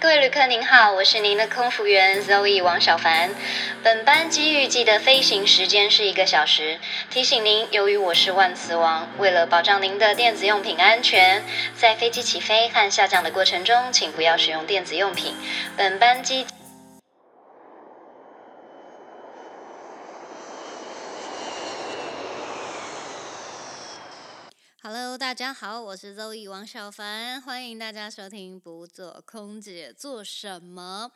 各位旅客您好，我是您的空服員 Zoe 王小凡。本班機預計的飛行時間是一個小時。提醒您，由於我是萬磁王，為了保障您的電子用品安全，在飛機起飛和下降的過程中，請不要使用電子用品。本班機。Hello，大家好，我是 Zoe 王小凡，歡迎大家收聽《不做空姐做什麼》。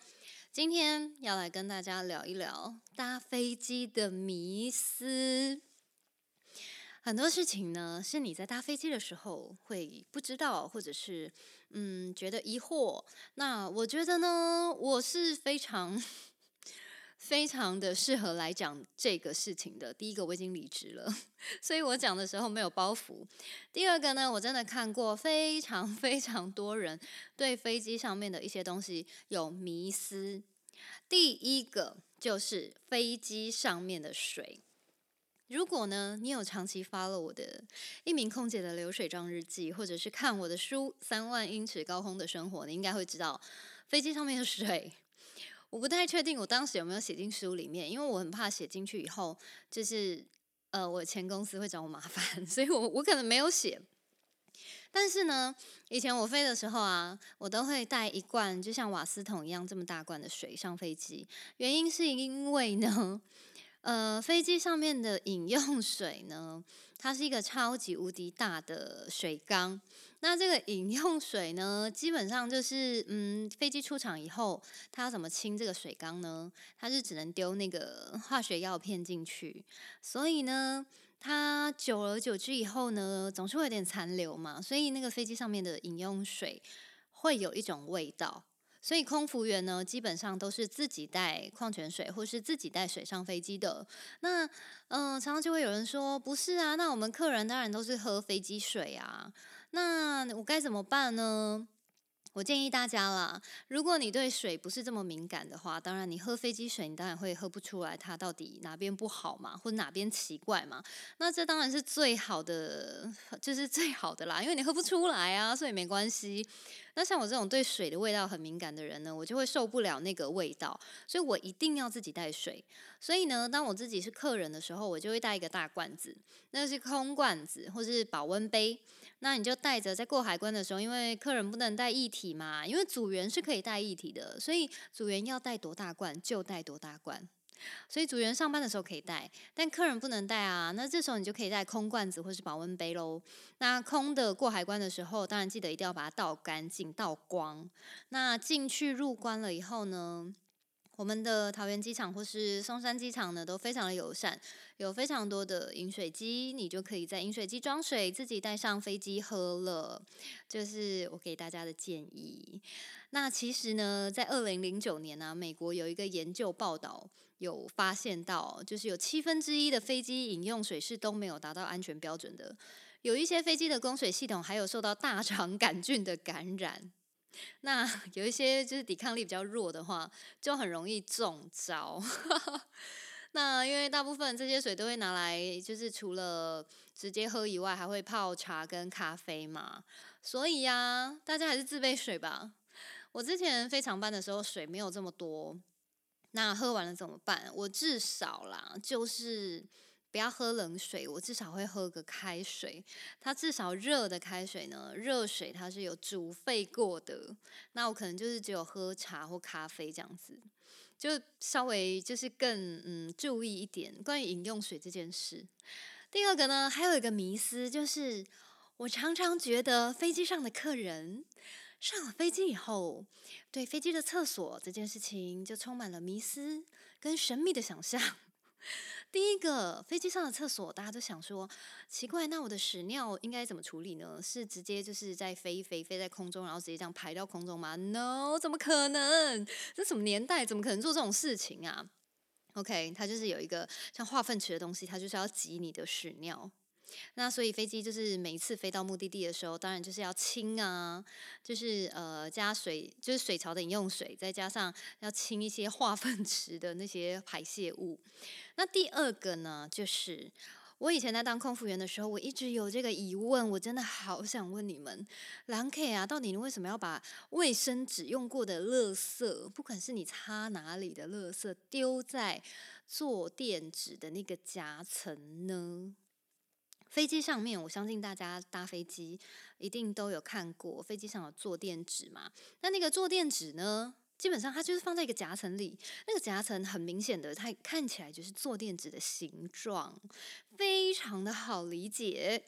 今天要來跟大家聊一聊搭飛機的迷思。很多事情呢，是你在搭飛機的時候會不知道，或者是嗯覺得疑惑。那我覺得呢，我是非常。非常的適合來講這個事情的。第一個，我已經離職了，所以我講的時候沒有包袱。第二個呢，我真的看過非常非常多人對飛機上面的一些東西有迷思。第一個就是飛機上面的水。如果呢，你有長期 follow 我的一名空姐的流水賬日記，或者是看我的書《三萬英尺高空的生活》，你應該會知道飛機上面的水。我不太確定我當時有沒有寫進書裡面，因為我很怕寫進去以後，就是呃，我前公司會找我麻煩，所以我我可能沒有寫。但是呢，以前我飛的時候啊，我都會帶一罐，就像瓦斯桶一樣這麼大罐的水上飛機，原因是因為呢，呃，飛機上面的飲用水呢。它是一個超級無敵大的水缸，那這個飲用水呢，基本上就是，嗯，飛機出廠以後，它要怎麼清這個水缸呢？它就只能丟那個化學藥片進去，所以呢，它久而久之以後呢，總是會有點殘留嘛，所以那個飛機上面的飲用水會有一種味道。所以空服員呢，基本上都是自己帶礦泉水，或是自己帶水上飛機的。那，嗯、呃，常常就會有人說：“不是啊，那我們客人當然都是喝飛機水啊。”那我該怎麼辦呢？我建議大家啦，如果你對水不是這麼敏感的話，當然你喝飛機水，你當然會喝不出來它到底哪邊不好嘛，或者哪邊奇怪嘛。那這當然是最好的，就是最好的啦，因為你喝不出來啊，所以沒關係。那像我這種對水的味道很敏感的人呢，我就會受不了那個味道，所以我一定要自己帶水。所以呢，當我自己是客人的時候，我就會帶一個大罐子，那是空罐子或是保溫杯。那你就帶着，在過海關的時候，因為客人不能帶液體嘛，因為組員是可以帶液體的，所以組員要帶多大罐就帶多大罐，所以組員上班的時候可以帶，但客人不能帶啊。那這時候你就可以帶空罐子或是保溫杯嘍。那空的過海關的時候，當然記得一定要把它倒乾淨、倒光。那進去入關了以後呢，我們的桃園機場或是松山機場呢，都非常的友善，有非常多的飲水機，你就可以在飲水機裝水，自己帶上飛機喝了。就是我給大家的建議。那其實呢，在二零零九年呢，啊，美國有一個研究報道，有發現到，就是有七分之一的飛機飲用水是都沒有達到安全標準的，有一些飛機的供水系統還有受到大腸桿菌的感染。那有一些就是抵抗力比較弱的話，就很容易中招。 那因為大部分這些水都會拿來，就是除了直接喝以外，還會泡茶跟咖啡嘛。所以呀、啊，大家還是自備水吧。我之前飛長班的時候，水沒有這麼多，那喝完了怎麼辦？我至少啦，就是。不要喝冷水，我至少會喝個開水。它至少熱的開水呢，熱水它是有煮沸過的。那我可能就是只有喝茶或咖啡這樣子，就稍微就是更嗯注意一點，關於飲用水這件事。第二個呢，還有一個迷思就是，我常常覺得飛機上的客人上了飛機以後，對飛機的廁所這件事情就充滿了迷思跟神秘的想象。第一個飛機上的廁所，大家都想說奇怪，那我的屎尿應該怎麼處理呢？是直接就是在飛一飛，飛在空中，然後直接這樣排到空中嗎？No，怎麼可能？這什麼年代？怎麼可能做這種事情啊？OK，它就是有一個像化糞池的東西，它就是要擠你的屎尿。那所以飛機就是每一次飛到目的地的時候，當然就是要清啊，就是呃加水，就是水槽的飲用水，再加上要清一些化糞池的那些排泄物。那第二個呢，就是我以前在當空服員的時候，我一直有這個疑問，我真的好想問你們，藍 K 啊，到底你為什麼要把衛生紙用過的垃圾，不管是你擦哪裡的垃圾，丟在坐墊紙的那個夾層呢？飛機上面，我相信大家搭飛機一定都有看過飛機上有坐墊紙嘛，那那個坐墊紙呢，基本上它就是放在一個夾層裡，那個夾層很明顯的，它看起來就是坐墊紙的形狀，非常的好理解。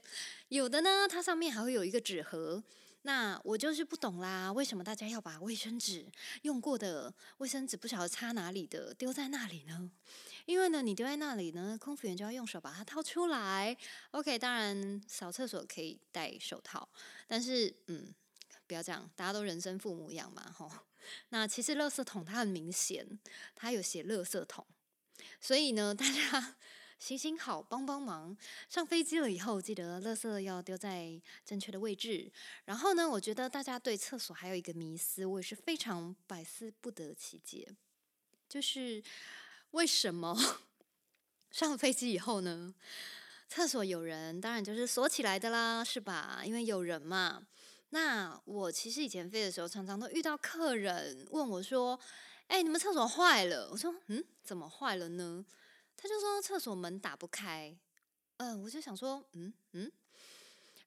有的呢，它上面還會有一個紙盒。那我就是不懂啦，為什麼大家要把衛生紙用過的衛生紙不曉得擦哪裡的丟在那裡呢？因為呢，你丟在那裡呢，空服員就要用手把它掏出來。OK，當然掃廁所可以戴手套，但是嗯，不要這樣，大家都人生父母養嘛，吼。那其實垃圾桶它很明顯，它有寫“垃圾桶”，所以呢，大家行行好，幫幫忙。上飛機了以後，記得垃圾要丟在正確的位置。然後呢，我覺得大家對廁所還有一個迷思，我也是非常百思不得其解，就是。為什麼上了飛機以後呢？廁所有人，當然就是鎖起來的啦，是吧？因為有人嘛。那我其實以前飛的時候，常常都遇到客人問我說：“哎、欸，你們廁所壞了？”我說：“嗯，怎麼壞了呢？”他就說：“廁所門打不開。”呃，嗯，我就想說：“嗯嗯。”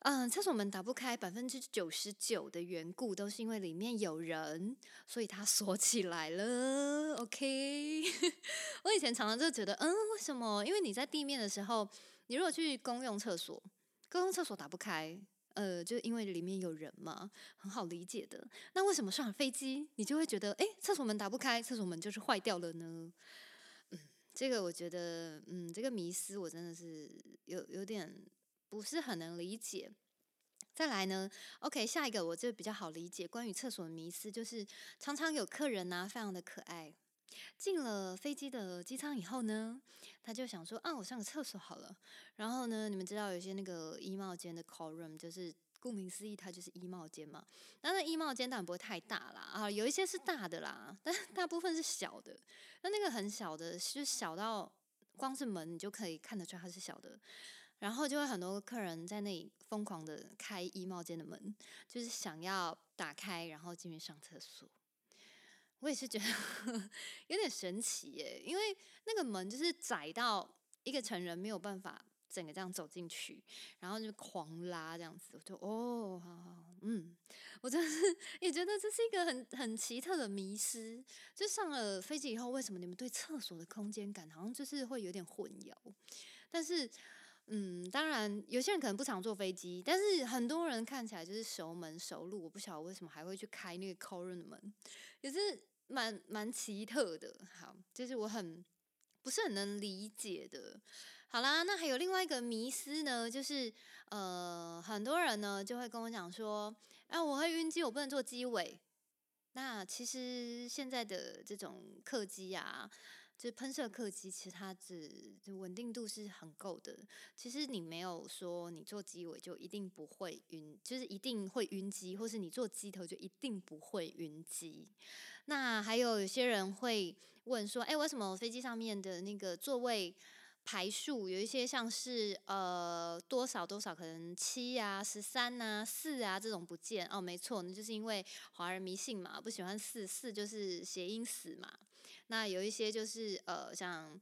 嗯，廁所門打不開99，百分之九十九的緣故都是因為裡面有人，所以它鎖起來了。OK， 我以前常常就覺得，嗯，為什麼？因為你在地面的時候，你如果去公用廁所，公用廁所打不開，呃，就因為裡面有人嘛，很好理解的。那為什麼上了飛機，你就會覺得，哎、欸，廁所門打不開，廁所門就是壞掉了呢？嗯，這個我覺得，嗯，這個迷思我真的是有有點。不是很能理解。再來呢，OK，下一個我就比較好理解。關於廁所的迷思，就是常常有客人啊，非常的可愛，進了飛機的機艙以後呢，他就想說啊，我上個廁所好了。然後呢，你們知道有些那個衣帽間的 coat room，就是顧名思義，它就是衣帽間嘛。那那衣帽間當然不會太大啦，啊，有一些是大的啦，但大部分是小的。那那個很小的，就小到光是門你就可以看得出來它是小的。然後就會很多客人在那裡瘋狂的開衣帽間的門，就是想要打開，然後進去上廁所。我也是覺得呵呵有點神奇耶，因為那個門就是窄到一個成人沒有辦法整個這樣走進去，然後就狂拉這樣子。我就哦，好好，嗯，我就是也覺得這是一個很很奇特的迷思。就上了飛機以後，為什麼你們對廁所的空間感好像就是會有點混淆？但是。嗯，當然，有些人可能不常坐飛機，但是很多人看起來就是熟門熟路，我不曉得為什麼還會去開那個 coron 的門，也是蠻蠻奇特的，好，就是我很不是很能理解的。好啦，那還有另外一個迷思呢，就是呃，很多人呢就會跟我講說，哎、呃，我會暈機，我不能坐機尾。那其實現在的這種客機啊。就噴射客機，其實它只穩定度是很夠的。其實你沒有說你坐機尾就一定不會暈，就是一定會暈機，或是你坐機頭就一定不會暈機。那還有有些人會問說，哎，為什麼飛機上面的那個座位排數有一些像是呃多少多少，可能七啊、十三啊、四啊這種不見？哦，沒錯，那就是因為華人迷信嘛，不喜歡四，四就是諧音死嘛。那有一些就是呃，像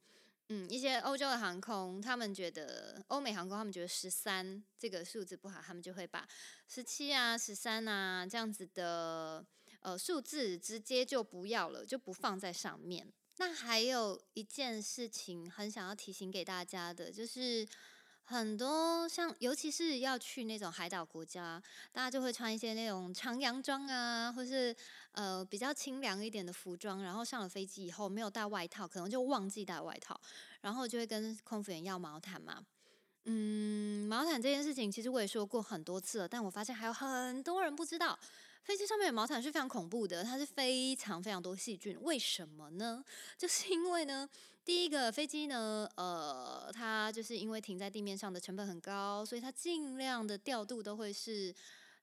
嗯一些歐洲的航空，他們覺得歐美航空他們覺得十三這個數字不好，他們就會把十七啊、十三啊這樣子的呃數字直接就不要了，就不放在上面。那還有一件事情很想要提醒給大家的，就是。很多像，尤其是要去那種海島國家，大家就會穿一些那種長洋裝啊，或是呃比較清涼一點的服裝。然後上了飛機以後沒有帶外套，可能就忘記帶外套，然後就會跟空服員要毛毯嘛。嗯，毛毯這件事情其實我也說過很多次了，但我發現還有很多人不知道。飛機上面有毛毯是非常恐怖的，它是非常非常多細菌。為什麼呢？就是因為呢，第一個飛機呢，呃，它就是因為停在地面上的成本很高，所以它儘量的調度都會是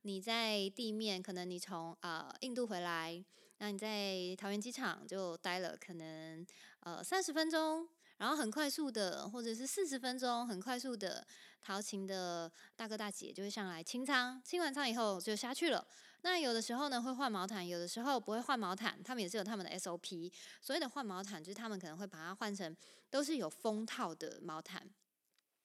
你在地面，可能你從啊、呃、印度回來，那你在桃園機場就待了可能呃三十分鐘，然後很快速的，或者是四十分鐘，很快速的，桃勤的大哥大姐就會上來清艙，清完艙以後就下去了。那有的時候呢，會換毛毯，有的時候不會換毛毯，他們也是有他們的 SOP。所謂的換毛毯，就是他們可能會把它換成都是有封套的毛毯。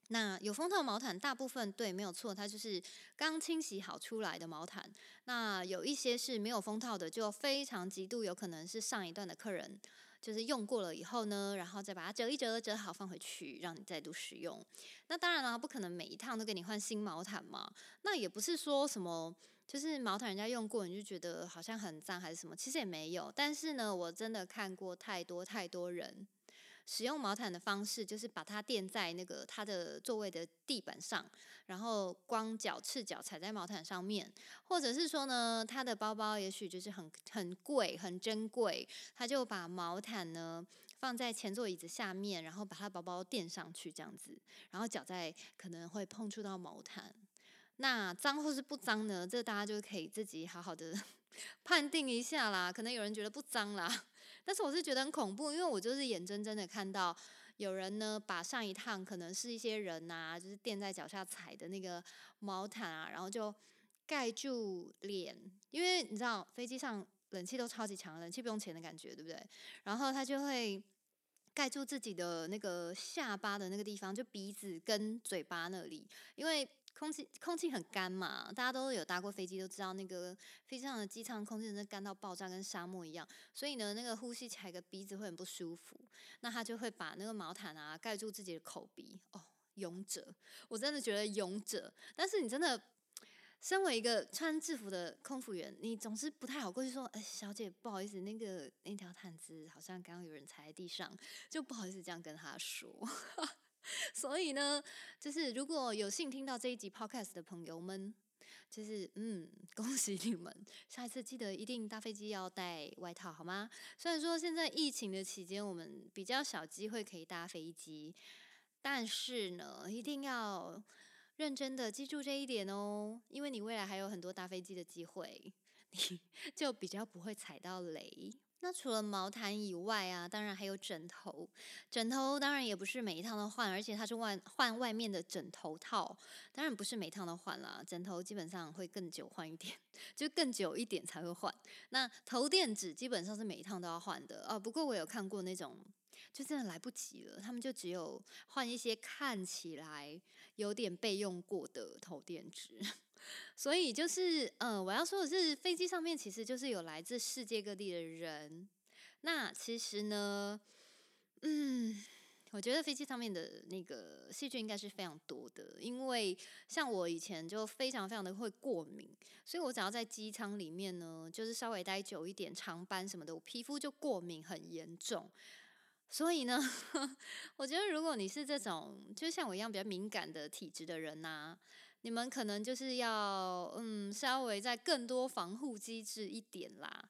那有封套的毛毯大部分對沒有錯，它就是剛清洗好出來的毛毯。那有一些是沒有封套的，就非常極度有可能是上一段的客人就是用過了以後呢，然後再把它折一折折好放回去，讓你再度使用。那當然啦、啊，不可能每一趟都給你換新毛毯嘛。那也不是說什麼。就是毛毯人家用過，你就覺得好像很髒還是什麼，其實也沒有。但是呢，我真的看過太多太多人使用毛毯的方式，就是把它墊在那個它的座位的地板上，然後光腳赤腳踩在毛毯上面，或者是說呢，它的包包也許就是很很貴很珍貴，他就把毛毯呢放在前座椅子下面，然後把它的包包墊上去這樣子，然後腳在可能會碰觸到毛毯。那髒或是不髒呢？這大家就可以自己好好的判定一下啦。可能有人覺得不髒啦，但是我是覺得很恐怖，因為我就是眼睜睜的看到有人呢，把上一趟可能是一些人啊，就是墊在腳下踩的那個毛毯啊，然後就蓋住臉，因為你知道飛機上冷氣都超級強，冷氣不用錢的感覺，對不對？然後他就會蓋住自己的那個下巴的那個地方，就鼻子跟嘴巴那裡，因為。空氣空氣很乾嘛，大家都有搭過飛機，都知道那個飛機上的機艙空氣真的乾到爆炸，跟沙漠一樣。所以呢，那個呼吸起來的鼻子會很不舒服。那他就會把那個毛毯啊蓋住自己的口鼻。哦，勇者，我真的覺得勇者。但是你真的身為一個穿制服的空服員，你總是不太好過去說，哎、欸，小姐，不好意思，那個那條毯子好像剛剛有人踩在地上，就不好意思這樣跟他說。 所以呢，就是如果有幸聽到這一集 Podcast 的朋友們，就是嗯，恭喜你們！下一次記得一定搭飛機要帶外套好嗎？雖然說現在疫情的期間，我們比較少機會可以搭飛機，但是呢，一定要認真的記住這一點哦，因為你未來還有很多搭飛機的機會，你就比較不會踩到雷。那除了毛毯以外啊，當然還有枕頭。枕頭當然也不是每一趟都換，而且它是換換外面的枕頭套，當然不是每一趟都換啦。枕頭基本上會更久換一點，就更久一點才會換。那頭墊紙基本上是每一趟都要換的哦。啊，不過我有看過那種，就真的來不及了，他們就只有換一些看起來有點被用過的頭墊紙。所以就是，呃，我要說的是，飛機上面其實就是有來自世界各地的人。那其實呢，嗯，我覺得飛機上面的那個細菌應該是非常多的，因為像我以前就非常非常的會過敏，所以我只要在機艙裡面呢，就是稍微待久一點、長班什麼的，我皮膚就過敏很嚴重。所以呢，呵呵，我覺得如果你是這種，就像我一樣比較敏感的體質的人吶、啊。你們可能就是要，嗯，稍微再更多防護機制一點啦。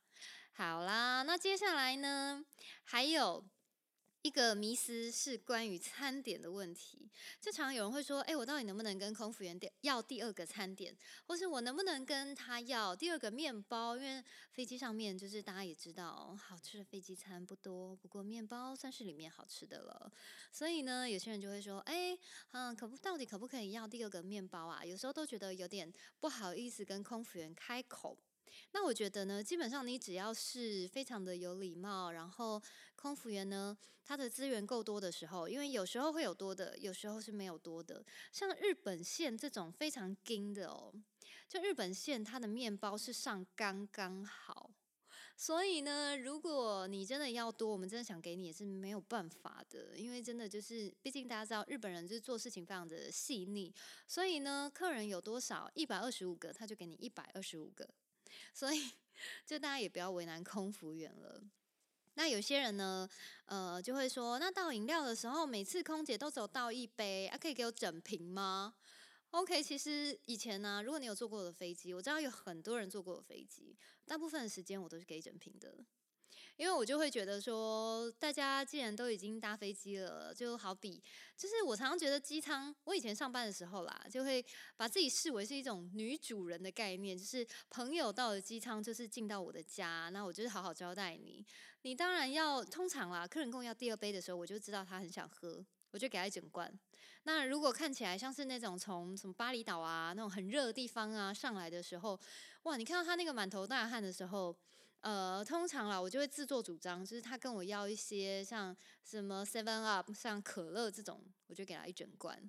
好啦，那接下來呢，還有，一個迷思是關於餐點的問題，就常常有人會說，誒、欸，我到底能不能跟空服員點要第二個餐點，或是我能不能跟他要第二個麵包？因為飛機上面就是大家也知道，好吃的飛機餐不多，不過麵包算是裡面好吃的了。所以呢，有些人就會說，哎，嗯，可不到底可不可以要第二個麵包啊？有時候都覺得有點不好意思跟空服員開口。那我覺得呢，基本上你只要是非常的有禮貌，然後空服員呢，他的資源夠多的時候，因為有時候會有多的，有時候是沒有多的。像日本線這種非常精的哦，就日本線它的面包是上剛剛好，所以呢，如果你真的要多，我們真的想給你也是沒有辦法的，因為真的就是，畢竟大家知道日本人就是做事情非常的細膩，所以呢，客人有多少，一百二十五個他就給你一百二十五個。所以，就大家也不要為難空服員了。那有些人呢，呃，就會說，那倒飲料的時候，每次空姐都只倒一杯，啊，可以給我整瓶嗎？OK，其實以前呢，啊，如果你有坐過我的飛機，我知道有很多人坐過我的飛機，大部分的時間我都是給整瓶的。因為我就會覺得說，大家既然都已經搭飛機了，就好比就是我常常覺得機艙，我以前上班的時候啦，就會把自己視為是一種女主人的概念，就是朋友到了機艙就是進到我的家，那我就是好好招待你。你當然要通常啦，客人跟我要第二杯的時候，我就知道他很想喝，我就給他一整罐。那如果看起來像是那種從什麼巴厘島啊那種很熱的地方啊上來的時候，哇，你看到他那個滿頭大汗的時候。呃，通常啦，我就會自作主張，就是他跟我要一些像什麼 Seven Up，像可樂這種。我就給他一整罐，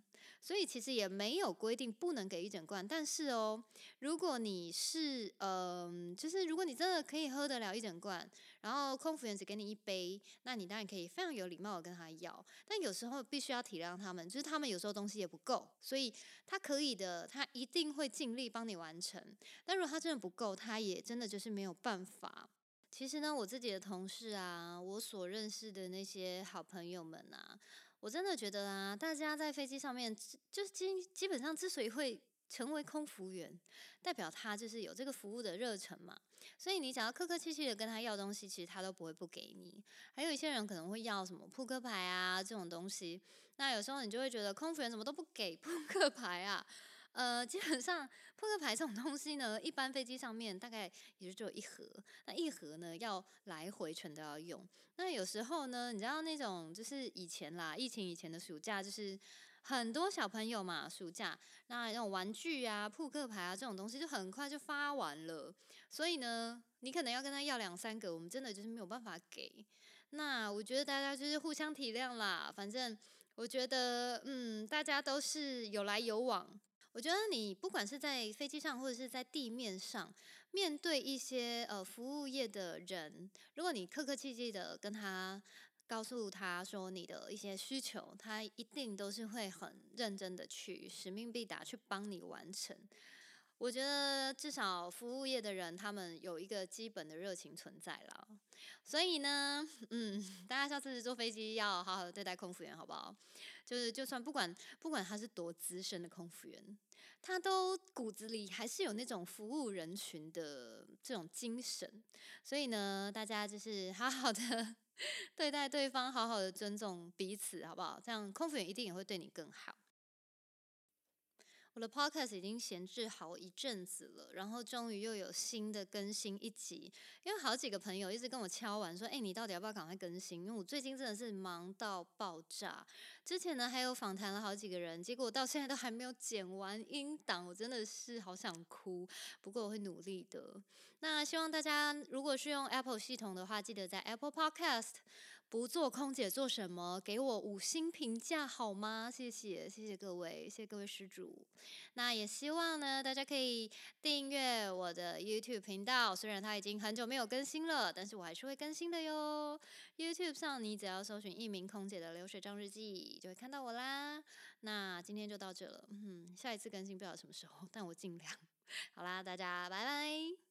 所以其實也沒有規定不能給一整罐。但是哦，如果你是嗯、呃，就是如果你真的可以喝得了一整罐，然後空服員只給你一杯，那你當然可以非常有禮貌的跟他要。但有時候必須要體諒他們，就是他們有時候東西也不夠，所以他可以的，他一定會盡力幫你完成。但如果他真的不夠，他也真的就是沒有辦法。其實呢，我自己的同事啊，我所認識的那些好朋友們啊。我真的覺得啊，大家在飛機上面，就是基基本上之所以會成為空服員，代表他就是有這個服務的熱忱嘛。所以你想要客客氣氣的跟他要東西，其實他都不會不給你。還有一些人可能會要什麼撲克牌啊這種東西，那有時候你就會覺得空服員怎麼都不給撲克牌啊。呃，基本上撲克牌這種東西呢，一般飛機上面大概也就只有一盒。那一盒呢，要來回全都要用。那有時候呢，你知道那種就是以前啦，疫情以前的暑假，就是很多小朋友嘛，暑假那那種玩具啊、撲克牌啊這種東西就很快就發完了。所以呢，你可能要跟他要兩三個，我們真的就是沒有辦法給。那我覺得大家就是互相體諒啦，反正我覺得，嗯，大家都是有來有往。我覺得你不管是在飛機上，或者是在地面上，面對一些呃服務業的人，如果你客客氣氣的跟他告訴他說你的一些需求，他一定都是會很認真的去使命必達去幫你完成。我覺得至少服務業的人，他們有一個基本的熱情存在了。所以呢，嗯，大家下次坐飛機要好好的對待空服員，好不好？就是就算不管不管他是多資深的空服員，他都骨子裡還是有那種服務人群的這種精神。所以呢，大家就是好好的對待對方，好好的尊重彼此，好不好？這樣空服員一定也會對你更好。我的 Podcast 已經閒置好一陣子了，然後終於又有新的更新一集。因為好幾個朋友一直跟我敲碗說：“哎，你到底要不要趕快更新？”因為我最近真的是忙到爆炸。之前呢，還有訪談了好幾個人，結果我到現在都還沒有剪完音檔，我真的是好想哭。不過我會努力的。那希望大家如果是用 Apple 系統的話，記得在 Apple Podcast。不做空姐做什麼？給我五星評價好嗎？謝謝，謝謝各位，謝謝各位施主。那也希望呢，大家可以訂閱我的 YouTube 頻道。雖然他已經很久沒有更新了，但是我還是會更新的喲。YouTube 上你只要搜尋“一名空姐的流水賬日記”，就會看到我啦。那今天就到這了，嗯，下一次更新不知道什麼時候，但我盡量。好啦，大家拜拜。